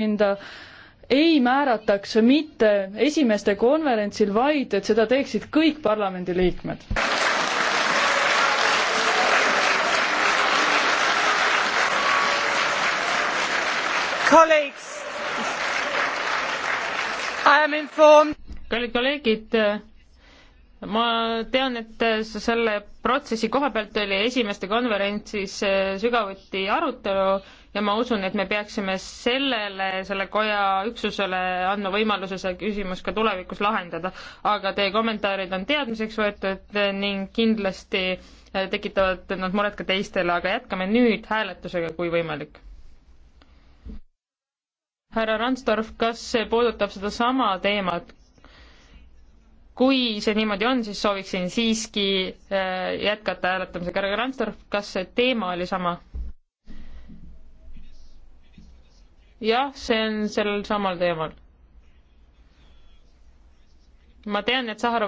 hinda ei määrataks mitte esimeste konverentsil, vaid et seda teeksid kõik parlamendiliikmed. kallid kolleegid ma tean, et selle protsessi koha pealt oli esimeste konverentsis äh, sügavuti arutelu ja ma usun, et me peaksime sellele, selle koja üksusele andma võimaluse see küsimus ka tulevikus lahendada. aga teie kommentaarid on teadmiseks võetud äh, ning kindlasti äh, tekitavad nad muret ka teistele, aga jätkame nüüd hääletusega, kui võimalik. härra Randstorf, kas see puudutab sedasama teemat, kui see niimoodi on, siis sooviksin siiski äh, jätkata hääletamisega. härra Randstorf, kas see teema oli sama? jah, see on sellel samal teemal. ma tean, et Saharov